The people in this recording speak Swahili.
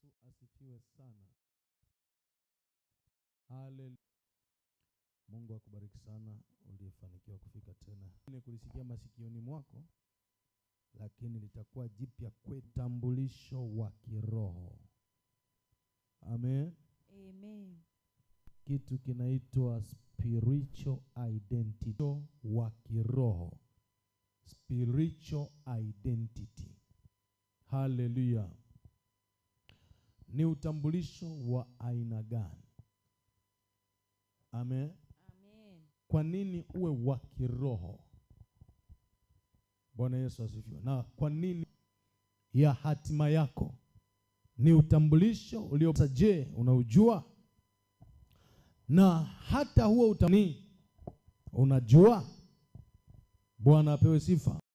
Yesu asifiwe sana. Haleluya. Mungu akubariki sana uliyefanikiwa kufika tena. Ni kulisikia masikioni mwako lakini litakuwa jipya kwe tambulisho wa kiroho. Amen. Amen. Kitu kinaitwa spiritual identity wa kiroho. Spiritual identity. Haleluya ni utambulisho wa aina gani? Amen. Amen. Kwa nini uwe wa kiroho? Bwana Yesu asifiwe. Na kwa nini ya hatima yako ni utambulisho ulio. Je, unaujua? Na hata huo utani unajua? Bwana apewe sifa.